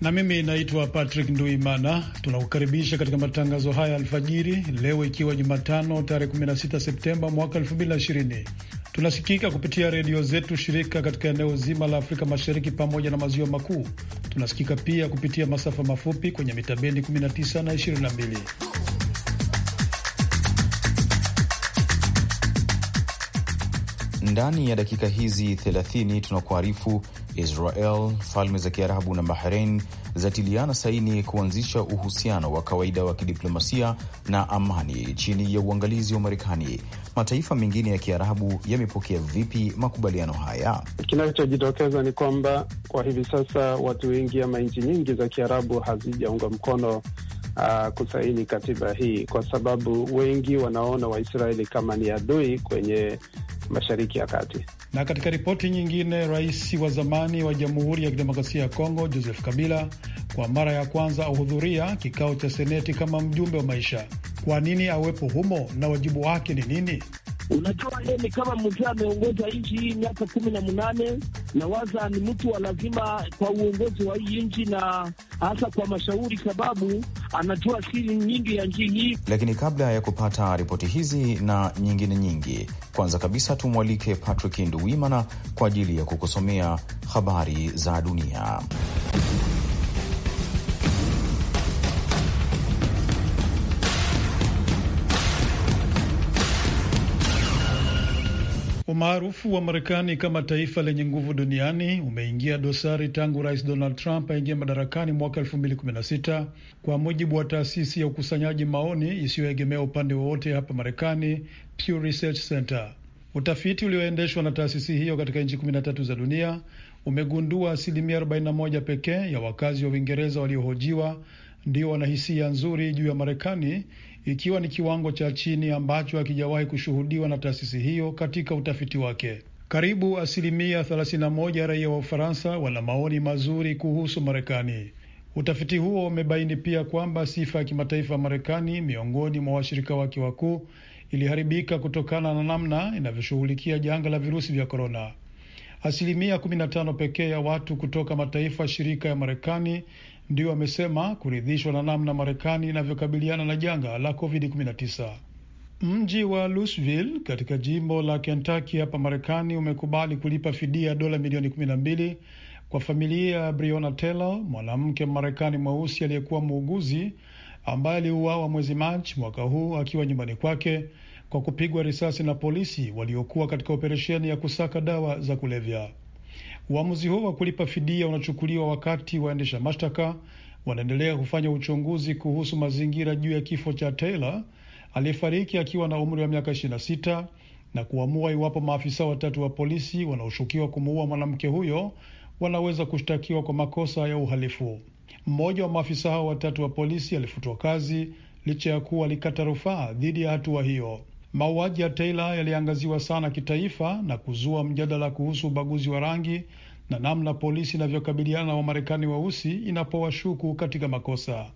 na mimi naitwa Patrick Nduimana. Tunakukaribisha katika matangazo haya alfajiri leo, ikiwa Jumatano tarehe 16 Septemba mwaka 2020. Tunasikika kupitia redio zetu shirika katika eneo zima la Afrika Mashariki pamoja na maziwa makuu. Tunasikika pia kupitia masafa mafupi kwenye mitabendi 19 na 22. Ndani ya dakika hizi 30 tunakuarifu Israel, Falme za Kiarabu na Bahrain zatiliana saini kuanzisha uhusiano wa kawaida wa kidiplomasia na amani chini ya uangalizi wa Marekani. Mataifa mengine ya Kiarabu yamepokea vipi makubaliano haya? Kinachojitokeza ni kwamba kwa hivi sasa watu wengi ama nchi nyingi za Kiarabu hazijaunga mkono uh, kusaini katiba hii, kwa sababu wengi wanaona Waisraeli kama ni adui kwenye Mashariki ya Kati. Na katika ripoti nyingine, rais wa zamani wa Jamhuri ya Kidemokrasia ya Kongo Joseph Kabila kwa mara ya kwanza ahudhuria kikao cha Seneti kama mjumbe wa maisha. Kwa nini awepo humo na wajibu wake ni nini? Unajua, yeye ni kama mzee ameongoza nchi hii miaka kumi na munane na waza ni mtu wa lazima kwa uongozi wa hii nchi na hasa kwa mashauri, sababu anajua siri nyingi ya nchi hii. Lakini kabla ya kupata ripoti hizi na nyingine nyingi, kwanza kabisa tumwalike Patrick Nduwimana kwa ajili ya kukusomea habari za dunia. Umaarufu wa Marekani kama taifa lenye nguvu duniani umeingia dosari tangu Rais Donald Trump aingia madarakani mwaka 2016 kwa mujibu wa taasisi ya ukusanyaji maoni isiyoegemea upande wowote hapa Marekani, Pew Research Center. Utafiti ulioendeshwa na taasisi hiyo katika nchi 13 za dunia umegundua asilimia 41 pekee ya wakazi wa Uingereza waliohojiwa ndio wanahisia nzuri juu ya Marekani ikiwa ni kiwango cha chini ambacho hakijawahi kushuhudiwa na taasisi hiyo katika utafiti wake. Karibu asilimia 31 ya raia wa Ufaransa wana maoni mazuri kuhusu Marekani. Utafiti huo umebaini pia kwamba sifa ya kimataifa ya Marekani miongoni mwa washirika wake wakuu iliharibika kutokana na namna inavyoshughulikia janga la virusi vya korona. Asilimia 15 pekee ya watu kutoka mataifa shirika ya Marekani ndio amesema kuridhishwa na namna Marekani inavyokabiliana na janga la COVID-19. Mji wa Louisville katika jimbo la Kentucky hapa Marekani umekubali kulipa fidia dola milioni 12 kwa familia ya Breonna Taylor, mwanamke Marekani mweusi aliyekuwa muuguzi ambaye aliuawa mwezi Machi mwaka huu akiwa nyumbani kwake kwa kupigwa risasi na polisi waliokuwa katika operesheni ya kusaka dawa za kulevya. Uamuzi huo wa kulipa fidia unachukuliwa wakati waendesha mashtaka wanaendelea kufanya uchunguzi kuhusu mazingira juu ya kifo cha Taylor aliyefariki akiwa na umri wa miaka 26 na kuamua iwapo maafisa watatu wa polisi wanaoshukiwa kumuua mwanamke huyo wanaweza kushtakiwa kwa makosa ya uhalifu. Mmoja wa maafisa hao watatu wa polisi alifutwa kazi licha ya kuwa alikata rufaa dhidi ya hatua hiyo. Mauaji ya Taylor yaliangaziwa sana kitaifa na kuzua mjadala kuhusu ubaguzi wa rangi na namna polisi inavyokabiliana na Wamarekani weusi wa inapowashuku katika makosa.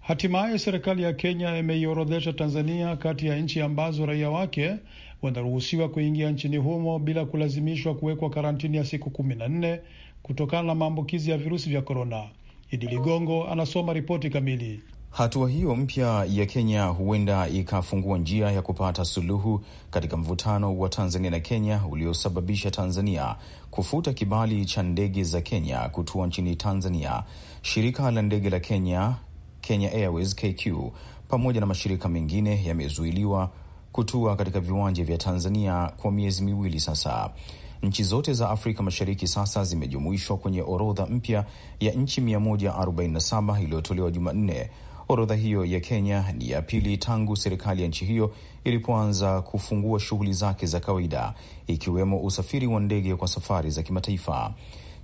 Hatimaye serikali ya Kenya imeiorodhesha Tanzania kati ya nchi ambazo raia wake wanaruhusiwa kuingia nchini humo bila kulazimishwa kuwekwa karantini ya siku kumi na nne kutokana na maambukizi ya virusi vya korona. Idi Ligongo anasoma ripoti kamili. Hatua hiyo mpya ya Kenya huenda ikafungua njia ya kupata suluhu katika mvutano wa Tanzania na Kenya uliosababisha Tanzania kufuta kibali cha ndege za Kenya kutua nchini Tanzania. Shirika la ndege la Kenya, Kenya Airways KQ, pamoja na mashirika mengine yamezuiliwa kutua katika viwanja vya Tanzania kwa miezi miwili sasa. Nchi zote za Afrika Mashariki sasa zimejumuishwa kwenye orodha mpya ya nchi 147 iliyotolewa Jumanne Orodha hiyo ya Kenya ni ya pili tangu serikali ya nchi hiyo ilipoanza kufungua shughuli zake za kawaida, ikiwemo usafiri wa ndege kwa safari za kimataifa.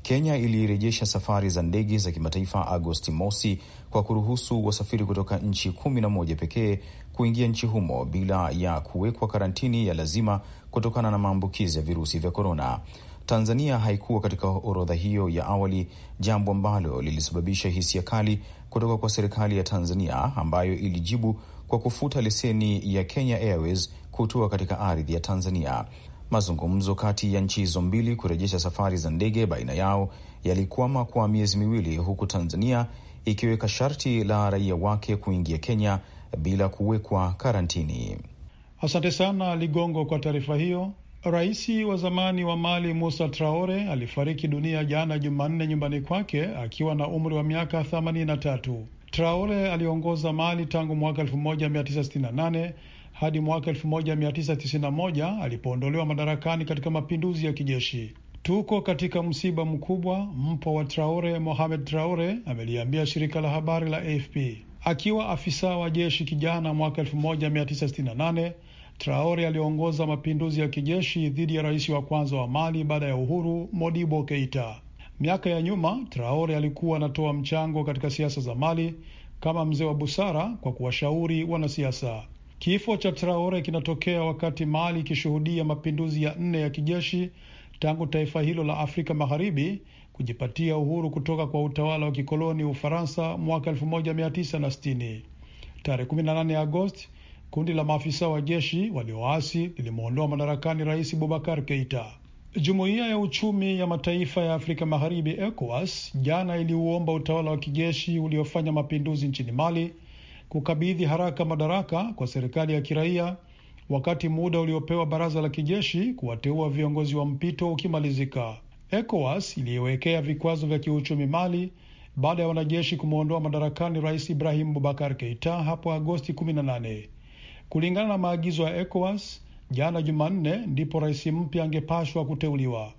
Kenya ilirejesha safari za ndege za kimataifa Agosti mosi kwa kuruhusu wasafiri kutoka nchi kumi na moja pekee kuingia nchi humo bila ya kuwekwa karantini ya lazima kutokana na maambukizi ya virusi vya korona. Tanzania haikuwa katika orodha hiyo ya awali, jambo ambalo lilisababisha hisia kali kutoka kwa serikali ya Tanzania ambayo ilijibu kwa kufuta leseni ya Kenya Airways kutua katika ardhi ya Tanzania. Mazungumzo kati ya nchi hizo mbili kurejesha safari za ndege baina yao yalikwama kwa miezi miwili, huku Tanzania ikiweka sharti la raia wake kuingia Kenya bila kuwekwa karantini. Asante sana Ligongo kwa taarifa hiyo. Rais wa zamani wa Mali Musa Traore alifariki dunia jana Jumanne nyumbani kwake akiwa na umri wa miaka 83. Traore aliongoza Mali tangu mwaka 1968 hadi mwaka 1991 alipoondolewa madarakani katika mapinduzi ya kijeshi. Tuko katika msiba mkubwa, mpwa wa Traore Mohamed Traore ameliambia shirika la habari la AFP. Akiwa afisa wa jeshi kijana mwaka 1968 Traore aliongoza mapinduzi ya kijeshi dhidi ya rais wa kwanza wa Mali baada ya uhuru, Modibo Keita. Miaka ya nyuma, Traore alikuwa anatoa mchango katika siasa za Mali kama mzee wa busara kwa kuwashauri wanasiasa. Kifo cha Traore kinatokea wakati Mali ikishuhudia mapinduzi ya nne ya kijeshi tangu taifa hilo la Afrika Magharibi kujipatia uhuru kutoka kwa utawala wa kikoloni Ufaransa mwaka 1960. Tarehe 18 Agosti Kundi la maafisa wa jeshi walioasi lilimwondoa madarakani Rais Bubakar Keita. Jumuiya ya uchumi ya mataifa ya Afrika Magharibi, ECOWAS, jana iliuomba utawala wa kijeshi uliofanya mapinduzi nchini Mali kukabidhi haraka madaraka kwa serikali ya kiraia wakati muda uliopewa baraza la kijeshi kuwateua viongozi wa mpito ukimalizika. ECOWAS iliyowekea vikwazo vya kiuchumi Mali baada ya wanajeshi kumwondoa madarakani Rais Ibrahim Bubakar Keita hapo Agosti 18 kulingana na maagizo ya ECOWAS. Jana Jumanne ndipo rais mpya angepashwa kuteuliwa.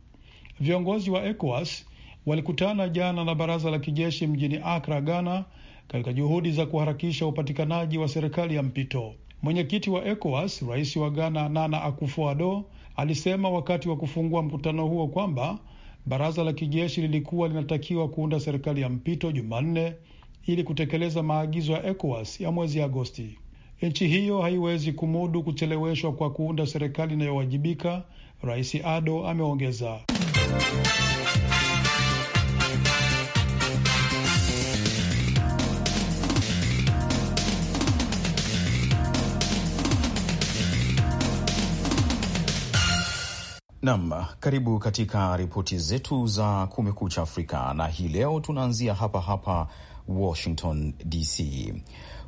Viongozi wa ECOWAS walikutana jana na baraza la kijeshi mjini Accra, Ghana, katika juhudi za kuharakisha upatikanaji wa serikali ya mpito. Mwenyekiti wa ECOWAS, rais wa Ghana Nana Akufo-Addo, alisema wakati wa kufungua mkutano huo kwamba baraza la kijeshi lilikuwa linatakiwa kuunda serikali ya mpito Jumanne ili kutekeleza maagizo ya ECOWAS ya mwezi Agosti. Nchi hiyo haiwezi kumudu kucheleweshwa kwa kuunda serikali inayowajibika, Rais Ado ameongeza. Nam, karibu katika ripoti zetu za Kumekucha Afrika, na hii leo tunaanzia hapa hapa Washington DC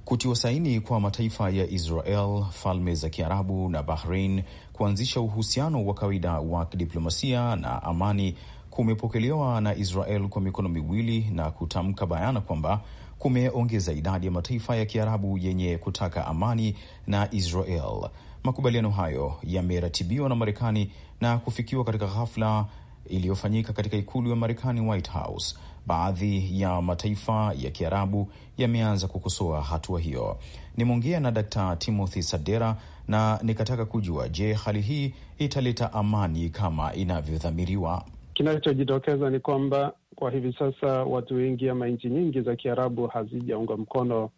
kutiwa saini kwa mataifa ya Israel, Falme za Kiarabu na Bahrain kuanzisha uhusiano wa kawaida wa kidiplomasia na amani kumepokelewa na Israel kwa mikono miwili na kutamka bayana kwamba kumeongeza idadi ya mataifa ya Kiarabu yenye kutaka amani na Israel. Makubaliano hayo yameratibiwa na Marekani na kufikiwa katika ghafla iliyofanyika katika ikulu ya Marekani, White House. Baadhi ya mataifa ya Kiarabu yameanza kukosoa hatua hiyo. Nimeongea na Dkt. Timothy Sadera na nikataka kujua, je, hali hii italeta amani kama inavyodhamiriwa? Kinachojitokeza ni kwamba kwa hivi sasa watu wengi ama nchi nyingi za Kiarabu hazijaunga mkono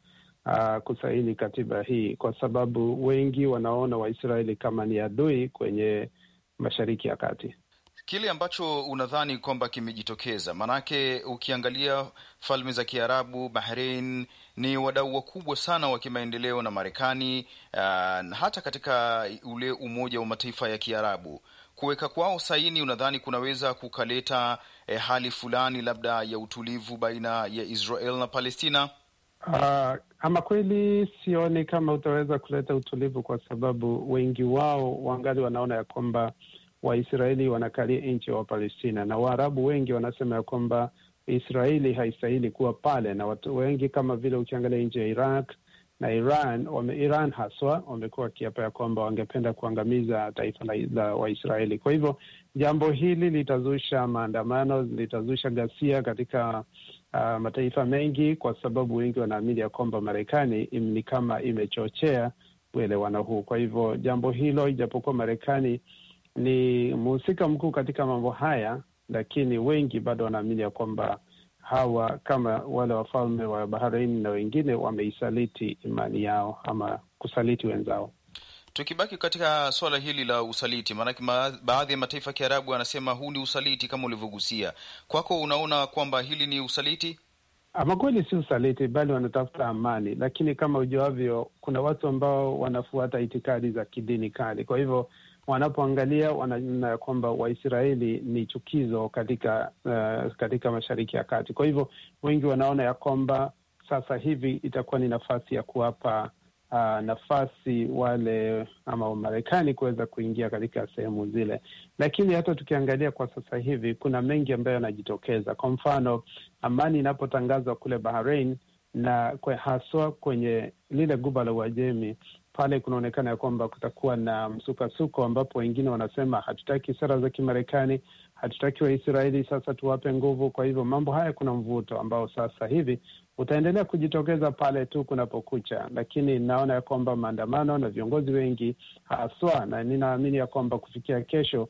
uh, kusaini katiba hii kwa sababu wengi wanaona Waisraeli kama ni adui kwenye Mashariki ya Kati kile ambacho unadhani kwamba kimejitokeza? Maanake ukiangalia falme za Kiarabu, Bahrain ni wadau wakubwa sana wa kimaendeleo na Marekani uh, hata katika ule Umoja wa Mataifa ya Kiarabu kuweka kwao saini, unadhani kunaweza kukaleta eh, hali fulani labda ya utulivu baina ya Israel na Palestina? Uh, ama kweli sioni kama utaweza kuleta utulivu, kwa sababu wengi wao wangali wanaona ya kwamba Waisraeli wanakalia nchi ya Wapalestina, na Waarabu wengi wanasema ya kwamba Israeli haistahili kuwa pale, na watu wengi kama vile ukiangalia nchi ya Iraq na Iran wame, Iran haswa wamekuwa wakiapa ya kwamba wangependa kuangamiza taifa la Waisraeli. Kwa hivyo jambo hili litazusha maandamano, litazusha ghasia katika uh, mataifa mengi, kwa sababu wengi wanaamini ya kwamba Marekani ni kama imechochea uelewano huu. Kwa hivyo jambo hilo, ijapokuwa Marekani ni mhusika mkuu katika mambo haya, lakini wengi bado wanaamini ya kwamba hawa kama wale wafalme wa Bahrain na wengine wameisaliti imani yao ama kusaliti wenzao. Tukibaki katika suala hili la usaliti, maanake baadhi ya mataifa ya Kiarabu anasema huu ni usaliti kama ulivyogusia kwako. Unaona kwamba hili ni usaliti ama kweli si usaliti, bali wanatafuta amani, lakini kama ujuavyo, kuna watu ambao wanafuata itikadi za kidini kali, kwa hivyo wanapoangalia wanaona ya kwamba Waisraeli ni chukizo katika uh, katika Mashariki ya Kati. Kwa hivyo wengi wanaona ya kwamba sasa hivi itakuwa ni nafasi ya kuwapa Uh, nafasi wale ama Wamarekani kuweza kuingia katika sehemu zile, lakini hata tukiangalia kwa sasa hivi kuna mengi ambayo yanajitokeza. Kwa mfano, amani inapotangazwa kule Bahrain na kwe haswa kwenye lile guba la Uajemi, pale kunaonekana ya kwamba kutakuwa na msukasuko, ambapo wengine wanasema hatutaki sera za Kimarekani, hatutaki Waisraeli, sasa tuwape nguvu. Kwa hivyo mambo haya, kuna mvuto ambao sasa hivi utaendelea kujitokeza pale tu kunapokucha, lakini naona ya kwamba maandamano na viongozi wengi haswa, na ninaamini ya kwamba kufikia kesho, uh,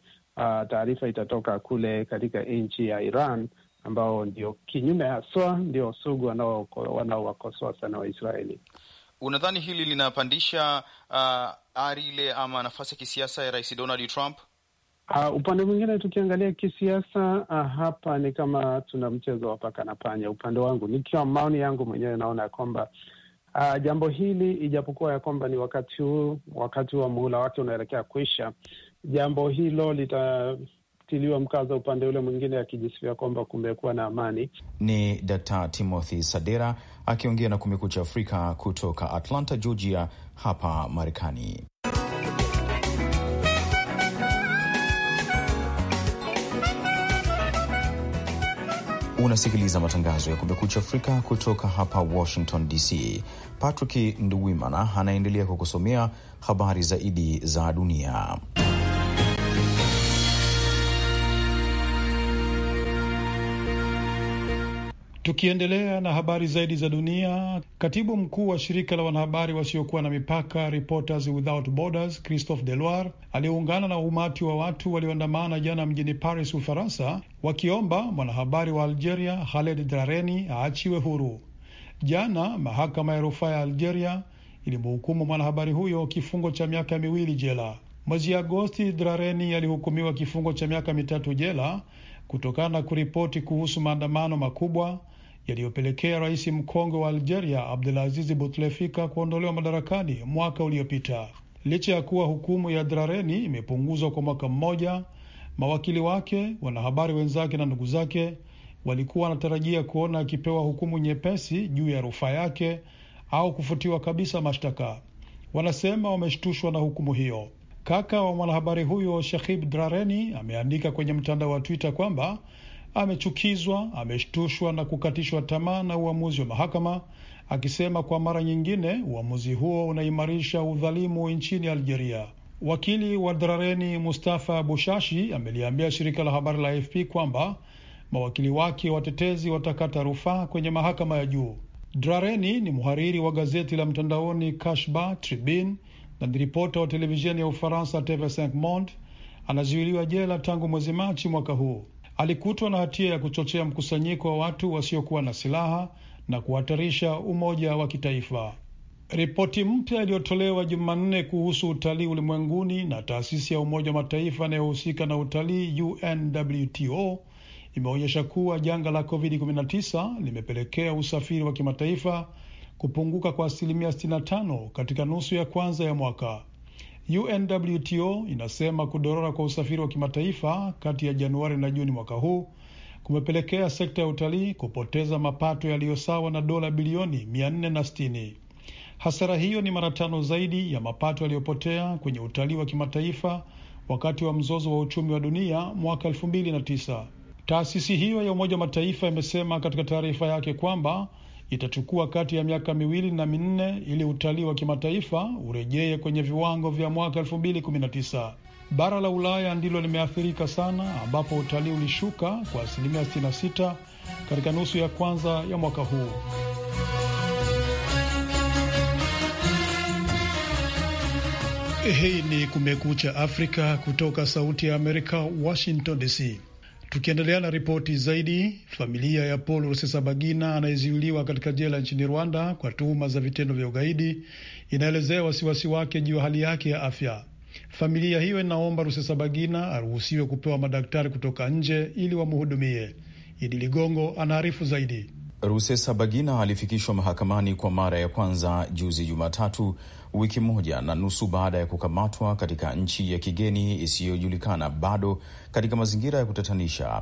taarifa itatoka kule katika nchi ya Iran ambao ndio kinyume haswa, ndio sugu wanaowakosoa sana Waisraeli unadhani hili linapandisha uh, ari ile ama nafasi ya kisiasa ya Rais Donald Trump? Uh, upande mwingine tukiangalia kisiasa uh, hapa ni kama tuna mchezo wa paka na panya. Upande wangu nikiwa maoni yangu mwenyewe naona ya kwamba uh, jambo hili ijapokuwa ya kwamba ni wakati huu, wakati wa muhula wake unaelekea kuisha, jambo hilo lita kutiliwa mkazo upande ule mwingine, akijisifia kwamba kumekuwa na amani. Ni Dkt. Timothy Sadera akiongea na Kumekucha Afrika kutoka Atlanta, Georgia, hapa Marekani. Unasikiliza matangazo ya Kumekucha Afrika kutoka hapa Washington DC. Patrick Nduwimana anaendelea kukusomea habari zaidi za dunia. Tukiendelea na habari zaidi za dunia, katibu mkuu wa shirika la wanahabari wasiokuwa na mipaka Reporters Without Borders, Christophe Deloire aliyeungana na umati wa watu walioandamana jana mjini Paris, Ufaransa, wakiomba mwanahabari wa Algeria Khaled Drareni aachiwe huru. Jana mahakama ya rufaa ya Algeria ilimhukumu mwanahabari huyo kifungo cha miaka miwili jela. Mwezi Agosti, Drareni alihukumiwa kifungo cha miaka mitatu jela kutokana na kuripoti kuhusu maandamano makubwa yaliyopelekea rais mkongwe wa Algeria Abdelazizi butlefika kuondolewa madarakani mwaka uliopita. Licha ya kuwa hukumu ya Drareni imepunguzwa kwa mwaka mmoja, mawakili wake, wanahabari wenzake na ndugu zake walikuwa wanatarajia kuona akipewa hukumu nyepesi juu ya rufaa yake au kufutiwa kabisa mashtaka. Wanasema wameshtushwa na hukumu hiyo. Kaka wa mwanahabari huyo Shahib Drareni ameandika kwenye mtandao wa Twitter kwamba amechukizwa, ameshtushwa na kukatishwa tamaa na uamuzi wa mahakama, akisema kwa mara nyingine uamuzi huo unaimarisha udhalimu nchini Algeria. Wakili wa Drareni Mustafa Bushashi ameliambia shirika la habari la AFP kwamba mawakili wake watetezi watakata rufaa kwenye mahakama ya juu. Drareni ni mhariri wa gazeti la mtandaoni Kashba Tribune na ni ripota wa televisheni ya Ufaransa TV5 Monde. Anazuiliwa jela tangu mwezi Machi mwaka huu alikutwa na hatia ya kuchochea mkusanyiko wa watu wasiokuwa na silaha na kuhatarisha umoja wa kitaifa. Ripoti mpya iliyotolewa Jumanne kuhusu utalii ulimwenguni na taasisi ya Umoja wa Mataifa inayohusika na utalii UNWTO imeonyesha kuwa janga la COVID-19 limepelekea usafiri wa kimataifa kupunguka kwa asilimia 65 katika nusu ya kwanza ya mwaka. UNWTO inasema kudorora kwa usafiri wa kimataifa kati ya Januari na Juni mwaka huu kumepelekea sekta ya utalii kupoteza mapato yaliyosawa na dola bilioni 460. Hasara hiyo ni mara tano zaidi ya mapato yaliyopotea kwenye utalii wa kimataifa wakati wa mzozo wa uchumi wa dunia mwaka 2009. Taasisi hiyo ya Umoja wa Mataifa imesema katika taarifa yake kwamba Itachukua kati ya miaka miwili na minne ili utalii wa kimataifa urejee kwenye viwango vya mwaka 2019. Bara la Ulaya ndilo limeathirika sana, ambapo utalii ulishuka kwa asilimia 66 katika nusu ya kwanza ya mwaka huu. Hii ni Kumekucha Afrika kutoka Sauti ya Amerika, Washington DC. Tukiendelea na ripoti zaidi, familia ya Paul Rusesabagina anayezuiliwa katika jela nchini Rwanda kwa tuhuma za vitendo vya ugaidi inaelezea wasiwasi wake juu ya hali yake ya afya. Familia hiyo inaomba Rusesabagina aruhusiwe kupewa madaktari kutoka nje ili wamhudumie. Idi Ligongo anaarifu zaidi. Rusesabagina alifikishwa mahakamani kwa mara ya kwanza juzi Jumatatu wiki moja na nusu baada ya kukamatwa katika nchi ya kigeni isiyojulikana bado katika mazingira ya kutatanisha.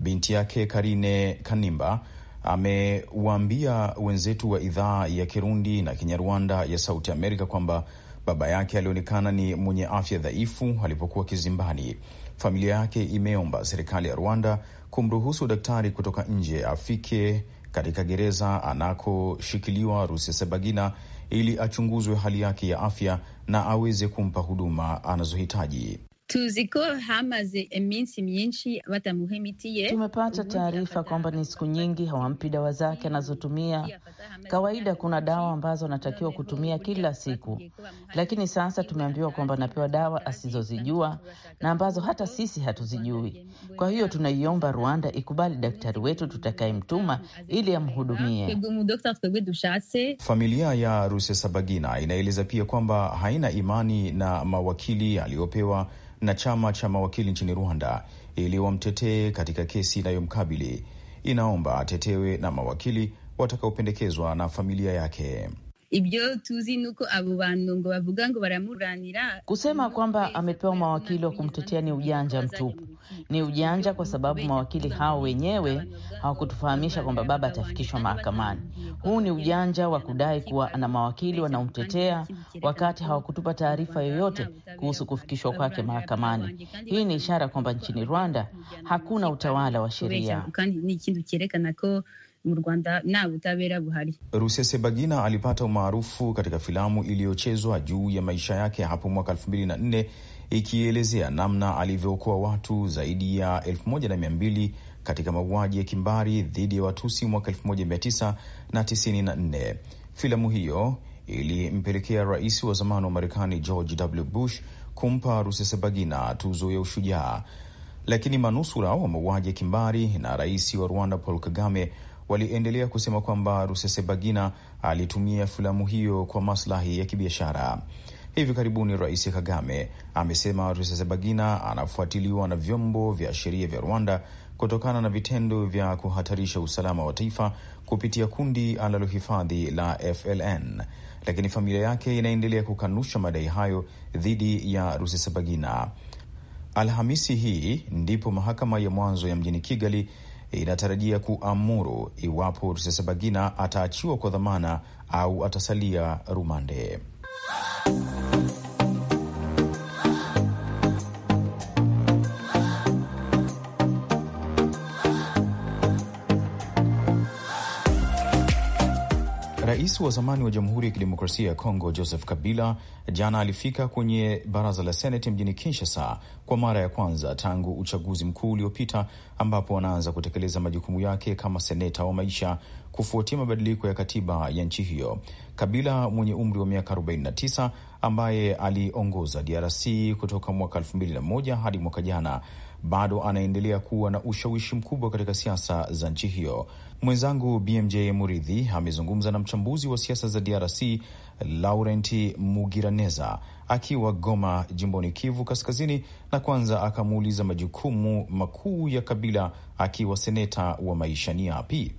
Binti yake Karine Kanimba amewaambia wenzetu wa idhaa ya Kirundi na Kinyarwanda ya Sauti Amerika kwamba baba yake alionekana ni mwenye afya dhaifu alipokuwa kizimbani. Familia yake imeomba serikali ya Rwanda kumruhusu daktari kutoka nje afike katika gereza anakoshikiliwa Rusesabagina ili achunguzwe hali yake ya afya na aweze kumpa huduma anazohitaji tuziko ko hamaze iminsi myinshi batamuhemitiye. Tumepata taarifa kwamba ni siku nyingi hawampi dawa zake anazotumia kawaida. Kuna dawa ambazo anatakiwa kutumia kila siku, lakini sasa tumeambiwa kwamba anapewa dawa asizozijua na ambazo hata sisi hatuzijui. Kwa hiyo tunaiomba Rwanda ikubali daktari wetu tutakayemtuma ili amhudumie. Familia ya Rusesabagina inaeleza pia kwamba haina imani na mawakili aliyopewa na chama cha mawakili nchini Rwanda ili wamtetee katika kesi inayomkabili. Inaomba atetewe na mawakili watakaopendekezwa na familia yake ibyo tuzi nuko abo bantu ngo bavuga ngo baramuranira. Kusema kwamba amepewa mawakili wa kumtetea ni ujanja mtupu, ni ujanja kwa sababu mawakili hao wenyewe hawakutufahamisha kwamba baba atafikishwa mahakamani. Huu ni ujanja wa kudai kuwa ana mawakili wanaomtetea wakati hawakutupa taarifa yoyote kuhusu kufikishwa kwake mahakamani. Hii ni ishara kwamba nchini Rwanda hakuna utawala wa sheria mu Rwanda butabera buhari. Rusesabagina alipata umaarufu katika filamu iliyochezwa juu ya maisha yake hapo mwaka elfu mbili na nne ikielezea namna alivyookoa watu zaidi ya elfu moja na mia mbili katika mauaji ya kimbari dhidi ya Watusi mwaka 1994. Filamu hiyo ilimpelekea rais wa zamani wa Marekani George W. Bush kumpa Rusesabagina tuzo ya ushujaa, lakini manusura wa mauaji ya kimbari na rais wa Rwanda Paul Kagame waliendelea kusema kwamba rusesebagina alitumia filamu hiyo kwa maslahi ya kibiashara. Hivi karibuni Rais Kagame amesema rusesebagina anafuatiliwa na vyombo vya sheria vya Rwanda kutokana na vitendo vya kuhatarisha usalama wa taifa kupitia kundi analohifadhi la FLN, lakini familia yake inaendelea kukanusha madai hayo dhidi ya Rusesabagina. Alhamisi hii ndipo mahakama ya mwanzo ya mjini Kigali inatarajia kuamuru iwapo Rusesabagina ataachiwa kwa dhamana au atasalia rumande. wa zamani wa Jamhuri ya Kidemokrasia ya Kongo Joseph Kabila jana alifika kwenye baraza la Seneti mjini Kinshasa kwa mara ya kwanza tangu uchaguzi mkuu uliopita, ambapo anaanza kutekeleza majukumu yake kama seneta wa maisha kufuatia mabadiliko ya katiba ya nchi hiyo. Kabila mwenye umri wa miaka 49 ambaye aliongoza DRC kutoka mwaka 2001 hadi mwaka jana, bado anaendelea kuwa na ushawishi mkubwa katika siasa za nchi hiyo. Mwenzangu BMJ Muridhi amezungumza na mchambuzi wa siasa za DRC Laurent Mugiraneza akiwa Goma, jimboni Kivu Kaskazini, na kwanza akamuuliza majukumu makuu ya Kabila akiwa seneta wa maisha ni yapi?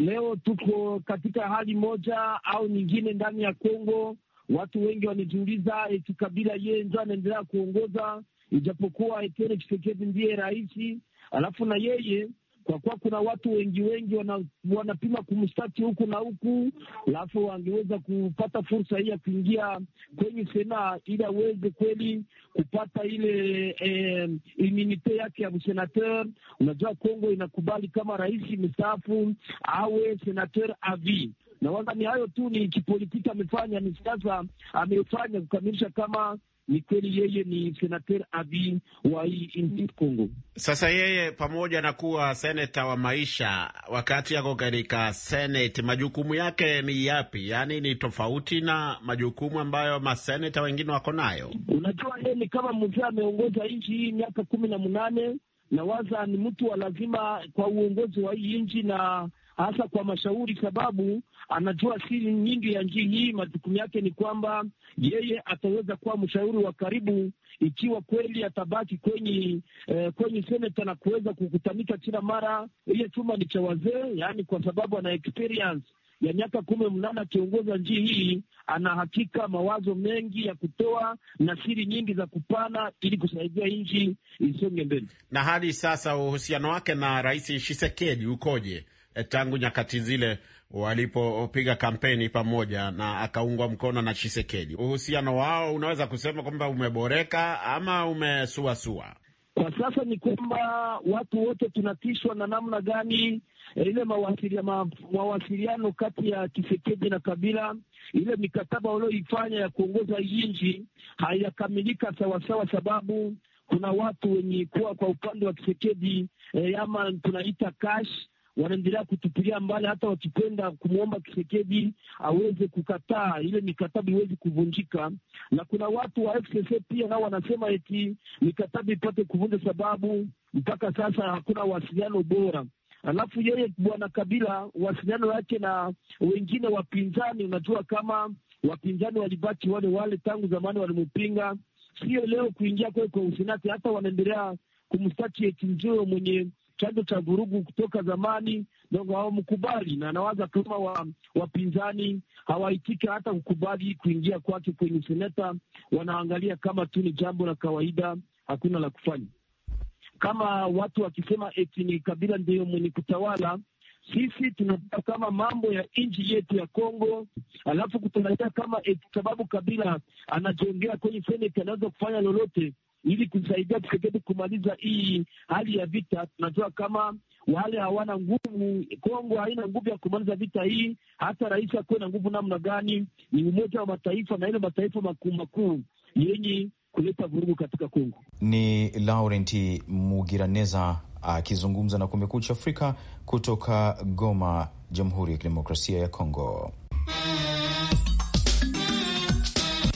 Leo tuko katika hali moja au nyingine ndani ya Kongo. Watu wengi wanajiuliza eti Kabila yeye ndio anaendelea kuongoza, ijapokuwa Etienne Tshisekedi ndiye rais, alafu na yeye kwa kuwa kuna watu wengi wengi wana, wanapima kumstati huku na huku, alafu wangeweza kupata fursa hii ya kuingia kwenye sena ili aweze kweli kupata ile eh, imunite yake ya msenateur. Unajua Kongo inakubali kama rais mstaafu awe senateur avi na wanga ni hayo tu, ni kipolitiki amefanya, ni siasa amefanya kukamilisha kama ni kweli yeye ni senater abi wa hii nchi Kongo. Sasa yeye pamoja na kuwa seneta wa maisha, wakati yako katika senate, majukumu yake ni yapi? Yaani ni tofauti na majukumu ambayo maseneta wengine wako nayo. Unajua, yeye ni kama mzee ameongoza nchi hii miaka kumi na munane na waza ni mtu wa lazima kwa uongozi wa hii nchi na hasa kwa mashauri, sababu anajua siri nyingi ya njii hii. Majukumu yake ni kwamba yeye ataweza kuwa mshauri wa karibu ikiwa kweli atabaki kwenye eh, kwenye seneta na kuweza kukutanika kila mara. hiye chuma ni cha wazee, yaani kwa sababu ana experience ya miaka kumi mnane akiongoza njii hii, ana hakika mawazo mengi ya kutoa na siri nyingi za kupana ili kusaidia nchi isonge mbele. Na hadi sasa uhusiano wake na Rais Tshisekedi ukoje? Eh, tangu nyakati zile walipopiga kampeni pamoja na akaungwa mkono na Chisekedi. Uhusiano wao unaweza kusema kwamba umeboreka ama umesuasua? Kwa sasa ni kwamba watu wote tunatishwa na namna gani eh, ile mawasiliano kati ya Kisekedi na Kabila, ile mikataba walioifanya ya kuongoza inji hayakamilika sawasawa, sababu kuna watu wenye kuwa kwa upande wa Kisekedi eh, ama tunaita cash wanaendelea kutupilia mbali, hata wakipenda kumwomba Kisekedi aweze kukataa, ile mikataba iwezi kuvunjika. Na kuna watu wa FCC pia nao wanasema eti mikataba ipate kuvunja, sababu mpaka sasa hakuna wasiliano bora. Alafu yeye bwana Kabila, wasiliano yake na wengine wapinzani, unajua kama wapinzani walibaki wale wale tangu zamani, walimpinga, sio leo kuingia kwake kwa usinati, hata wanaendelea kumstaki eti njio mwenye chanzo cha vurugu kutoka zamani, ndio hawamkubali na anawaza kama wa, wapinzani hawahitiki hata kukubali kuingia kwake kwenye seneta. Wanaangalia kama tu ni jambo la kawaida, hakuna la kufanya. Kama watu wakisema eti ni Kabila ndiyo mwenye kutawala sisi tunataka kama mambo ya nchi yetu ya Kongo, alafu kutarajia kama eti sababu Kabila anajongea kwenye seneti anaweza kufanya lolote ili kusaidia Tshisekedi kumaliza hii hali ya vita. Tunajua kama wale hawana nguvu, Kongo haina nguvu ya kumaliza vita hii, hata rais akuwe na nguvu namna gani, ni Umoja wa Mataifa na ile mataifa makuu makuu yenye kuleta vurugu katika Kongo. Ni Laurenti Mugiraneza akizungumza na Kumekucha Afrika kutoka Goma, Jamhuri ya Kidemokrasia ya Kongo.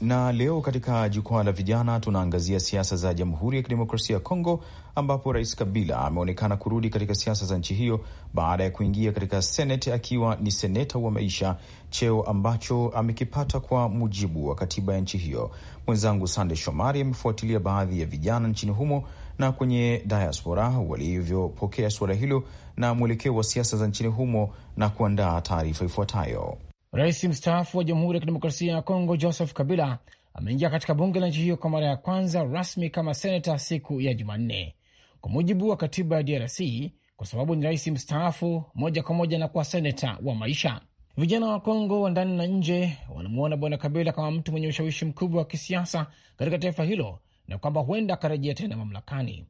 na leo katika jukwaa la vijana tunaangazia siasa za Jamhuri ya Kidemokrasia ya Kongo, ambapo Rais Kabila ameonekana kurudi katika siasa za nchi hiyo baada ya kuingia katika Seneti akiwa ni seneta wa maisha, cheo ambacho amekipata kwa mujibu wa katiba ya nchi hiyo. Mwenzangu Sande Shomari amefuatilia baadhi ya vijana nchini humo na kwenye diaspora walivyopokea suala hilo na mwelekeo wa siasa za nchini humo na kuandaa taarifa ifuatayo. Rais mstaafu wa Jamhuri ya Kidemokrasia ya Kongo Joseph Kabila ameingia katika bunge la nchi hiyo kwa mara ya kwanza rasmi kama seneta siku ya Jumanne kwa mujibu wa katiba ya DRC, kwa sababu ni rais mstaafu moja kwa moja na kuwa seneta wa maisha. Vijana wa Kongo wa ndani na nje wanamwona bwana Kabila kama mtu mwenye ushawishi mkubwa wa kisiasa katika taifa hilo na kwamba huenda akarejea tena mamlakani.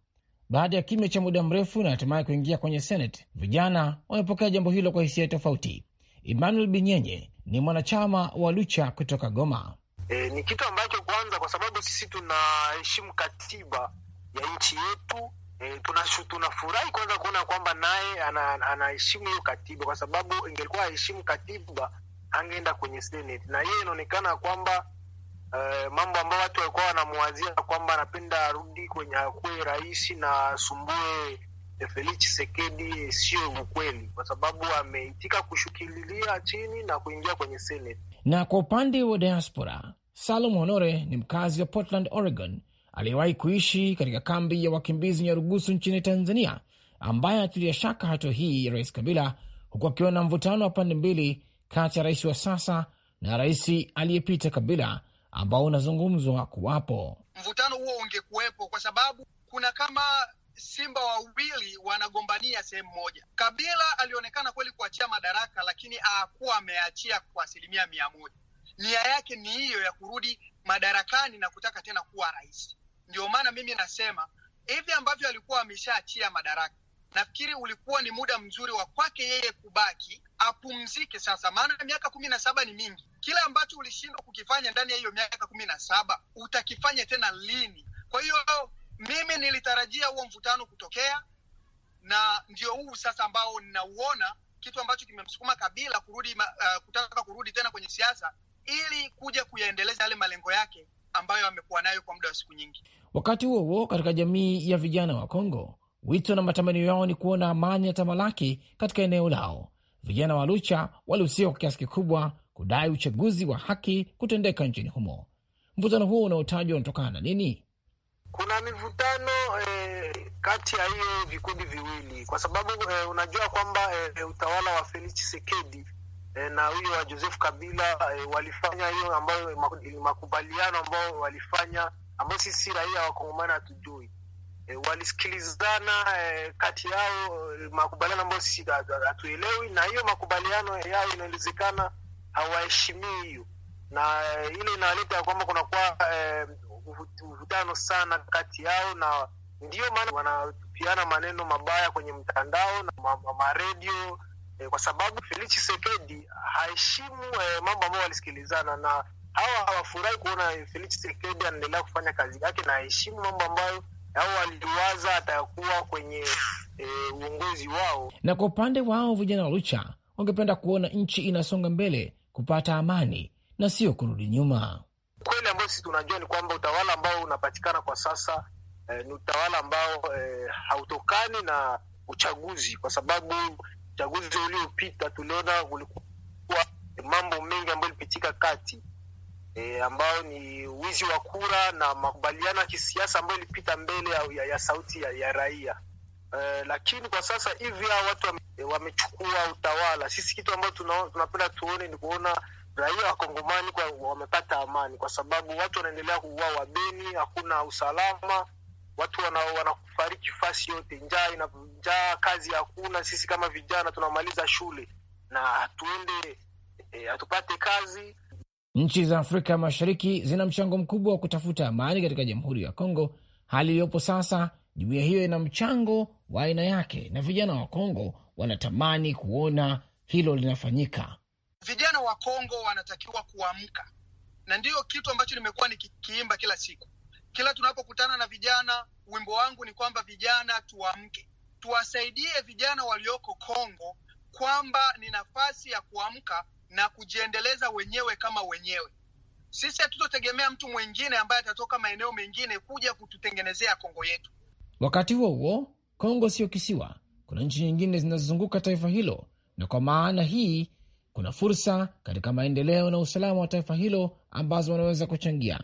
Baada ya kimya cha muda mrefu na hatimaye kuingia kwenye Senate, vijana wamepokea jambo hilo kwa hisia tofauti. Emmanuel Binyenye ni mwanachama wa Lucha kutoka Goma. E, ni kitu ambacho kwanza, kwa sababu sisi tunaheshimu katiba ya nchi yetu. E, tunafurahi kwanza kuona kwamba naye anaheshimu ana hiyo katiba, kwa sababu ingelikuwa aheshimu katiba angeenda kwenye Senate, na hiyo inaonekana kwamba Uh, mambo ambayo watu walikuwa wanamwazia kwamba anapenda arudi kwenye akuwe rais na asumbue Felix Tshisekedi sio ukweli, kwa sababu ameitika kushukililia chini na kuingia kwenye Senate. Na kwa upande wa diaspora, Salum Honore ni mkazi wa Portland, Oregon, aliyewahi kuishi katika kambi ya wakimbizi Nyarugusu nchini Tanzania, ambaye anatilia shaka hatua hii ya Rais Kabila, huku akiwa na mvutano wa pande mbili kati ya rais wa sasa na rais aliyepita Kabila ambao unazungumzwa kuwapo. Mvutano huo ungekuwepo kwa sababu kuna kama simba wawili wanagombania sehemu moja. Kabila alionekana kweli kuachia madaraka, lakini hakuwa ameachia kwa asilimia mia moja. Nia yake ni hiyo ya kurudi madarakani na kutaka tena kuwa rais. Ndio maana mimi nasema hivi ambavyo alikuwa ameshaachia madaraka, nafikiri ulikuwa ni muda mzuri wa kwake yeye kubaki apumzike sasa, maana miaka kumi na saba ni mingi. Kile ambacho ulishindwa kukifanya ndani ya hiyo miaka kumi na saba utakifanya tena lini? Kwa hiyo mimi nilitarajia huo mvutano kutokea, na ndio huu sasa ambao ninauona, kitu ambacho kimemsukuma Kabila kurudi uh, kutaka kurudi tena kwenye siasa ili kuja kuyaendeleza yale malengo yake ambayo amekuwa nayo kwa muda wa siku nyingi. Wakati huo huo, katika jamii ya vijana wa Kongo, wito na matamanio yao ni kuona amani ya tamalaki katika eneo lao. Vijana wa Lucha walihusika kwa kiasi kikubwa kudai uchaguzi wa haki kutendeka nchini humo. Mvutano huo unaotajwa unatokana na nini? kuna mivutano eh, kati ya hiyo vikundi viwili kwa sababu eh, unajua kwamba eh, utawala wa Felix Tshisekedi eh, na huyo wa Joseph Kabila eh, walifanya hiyo ambayo eh, makubaliano ambayo walifanya ambayo sisi raia wakongomani hatujui. e, walisikilizana e, kati yao makubaliano ambayo sisi hatuelewi, na hiyo makubaliano yao inaelezekana hawaheshimii hiyo, na hilo eh, inaleta kwamba kunakuwa e, mvutano sana kati yao, na ndiyo maana wanatupiana maneno mabaya kwenye mtandao na maredio eh, kwa sababu Felix sekedi haheshimu eh, mambo ambayo walisikilizana na hawa hawafurahi kuona Felix Tshisekedi anaendelea kufanya kazi yake na aheshimu mambo ambayo au waliwaza atakuwa kwenye e, uongozi wao. Na kwa upande wao vijana wa Lucha wangependa kuona nchi inasonga mbele kupata amani na sio kurudi nyuma si tunajua ni kwamba utawala ambao unapatikana kwa sasa eh, ni utawala ambao eh, hautokani na uchaguzi, kwa sababu uchaguzi uliopita tuliona ulikuwa mambo mengi ambayo ilipitika kati E, eh, ambao ni wizi wa kura na makubaliano ya kisiasa ambayo ilipita mbele ya, ya, ya sauti ya, ya raia e, lakini kwa sasa hivi hao watu wamechukua utawala. Sisi kitu ambacho tunapenda tuone ni kuona raia wa Kongomani wamepata amani, kwa sababu watu wanaendelea kuuawa Beni, hakuna usalama, watu wanafariki wana fasi yote, njaa ina njaa, kazi hakuna. Sisi kama vijana tunamaliza shule na hatuende e, hatupate kazi. Nchi za Afrika Mashariki zina mchango mkubwa wa kutafuta amani katika Jamhuri ya Kongo. Hali iliyopo sasa, jumuiya hiyo ina mchango wa aina yake, na vijana wa Kongo wanatamani kuona hilo linafanyika wa Kongo wanatakiwa kuamka, na ndiyo kitu ambacho nimekuwa nikiimba kila siku. Kila tunapokutana na vijana, wimbo wangu ni kwamba vijana tuamke, tuwasaidie vijana walioko Kongo kwamba ni nafasi ya kuamka na kujiendeleza wenyewe kama wenyewe. Sisi hatutotegemea mtu mwingine ambaye atatoka maeneo mengine kuja kututengenezea Kongo yetu. Wakati huo huo, Kongo siyo kisiwa, kuna nchi nyingine zinazozunguka taifa hilo, na kwa maana hii kuna fursa katika maendeleo na usalama wa taifa hilo ambazo wanaweza kuchangia.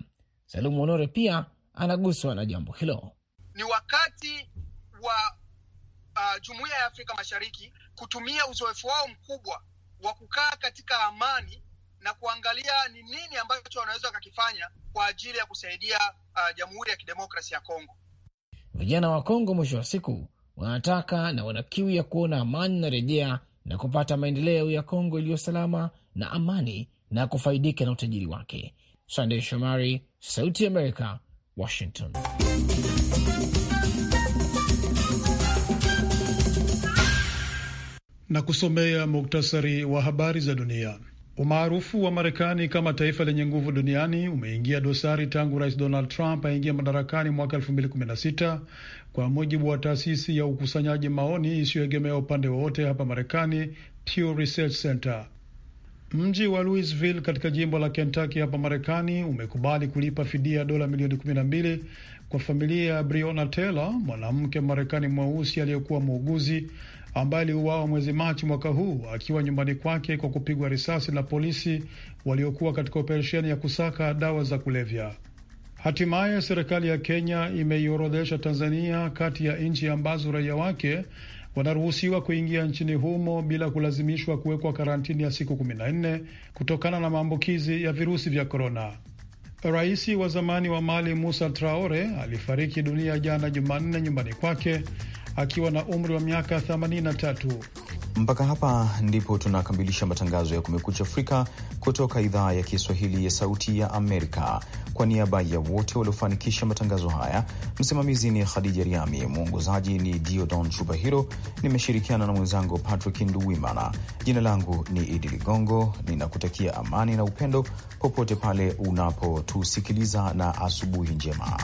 Salumu Honore pia anaguswa na jambo hilo. Ni wakati wa uh, jumuiya ya Afrika Mashariki kutumia uzoefu wao mkubwa wa kukaa katika amani na kuangalia ni nini ambacho wanaweza wakakifanya kwa ajili ya kusaidia uh, jamhuri ya kidemokrasi ya Kongo. Vijana wa Kongo mwisho wa siku wanataka na wana kiu ya kuona amani inarejea rejea na kupata maendeleo ya Kongo iliyo salama na amani na kufaidika na utajiri wake. Sandey Shomari, Sauti ya Amerika, Washington. na kusomea muktasari wa habari za dunia. Umaarufu wa Marekani kama taifa lenye nguvu duniani umeingia dosari tangu Rais Donald Trump aingia madarakani mwaka 2016 kwa mujibu wa taasisi ya ukusanyaji maoni isiyoegemea upande wowote hapa Marekani, Pew Research Center, mji wa Louisville katika jimbo la Kentucky hapa Marekani umekubali kulipa fidia ya dola milioni 12 kwa familia ya briona Taylor, mwanamke Marekani mweusi aliyekuwa muuguzi ambaye aliuawa mwezi Machi mwaka huu akiwa nyumbani kwake kwa kupigwa risasi na polisi waliokuwa katika operesheni ya kusaka dawa za kulevya. Hatimaye serikali ya Kenya imeiorodhesha Tanzania kati ya nchi ambazo raia wake wanaruhusiwa kuingia nchini humo bila kulazimishwa kuwekwa karantini ya siku 14 kutokana na maambukizi ya virusi vya korona. Rais wa zamani wa Mali Musa Traore alifariki dunia jana Jumanne nyumbani kwake akiwa na umri wa miaka 83. Mpaka hapa ndipo tunakamilisha matangazo ya Kumekucha Afrika kutoka idhaa ya Kiswahili ya Sauti ya Amerika. Kwa niaba ya wote waliofanikisha matangazo haya, msimamizi ni Khadija Riami, mwongozaji ni Diodon Chubahiro. Nimeshirikiana na mwenzangu Patrick Nduwimana. Jina langu ni Idi Ligongo, ninakutakia amani na upendo popote pale unapotusikiliza, na asubuhi njema.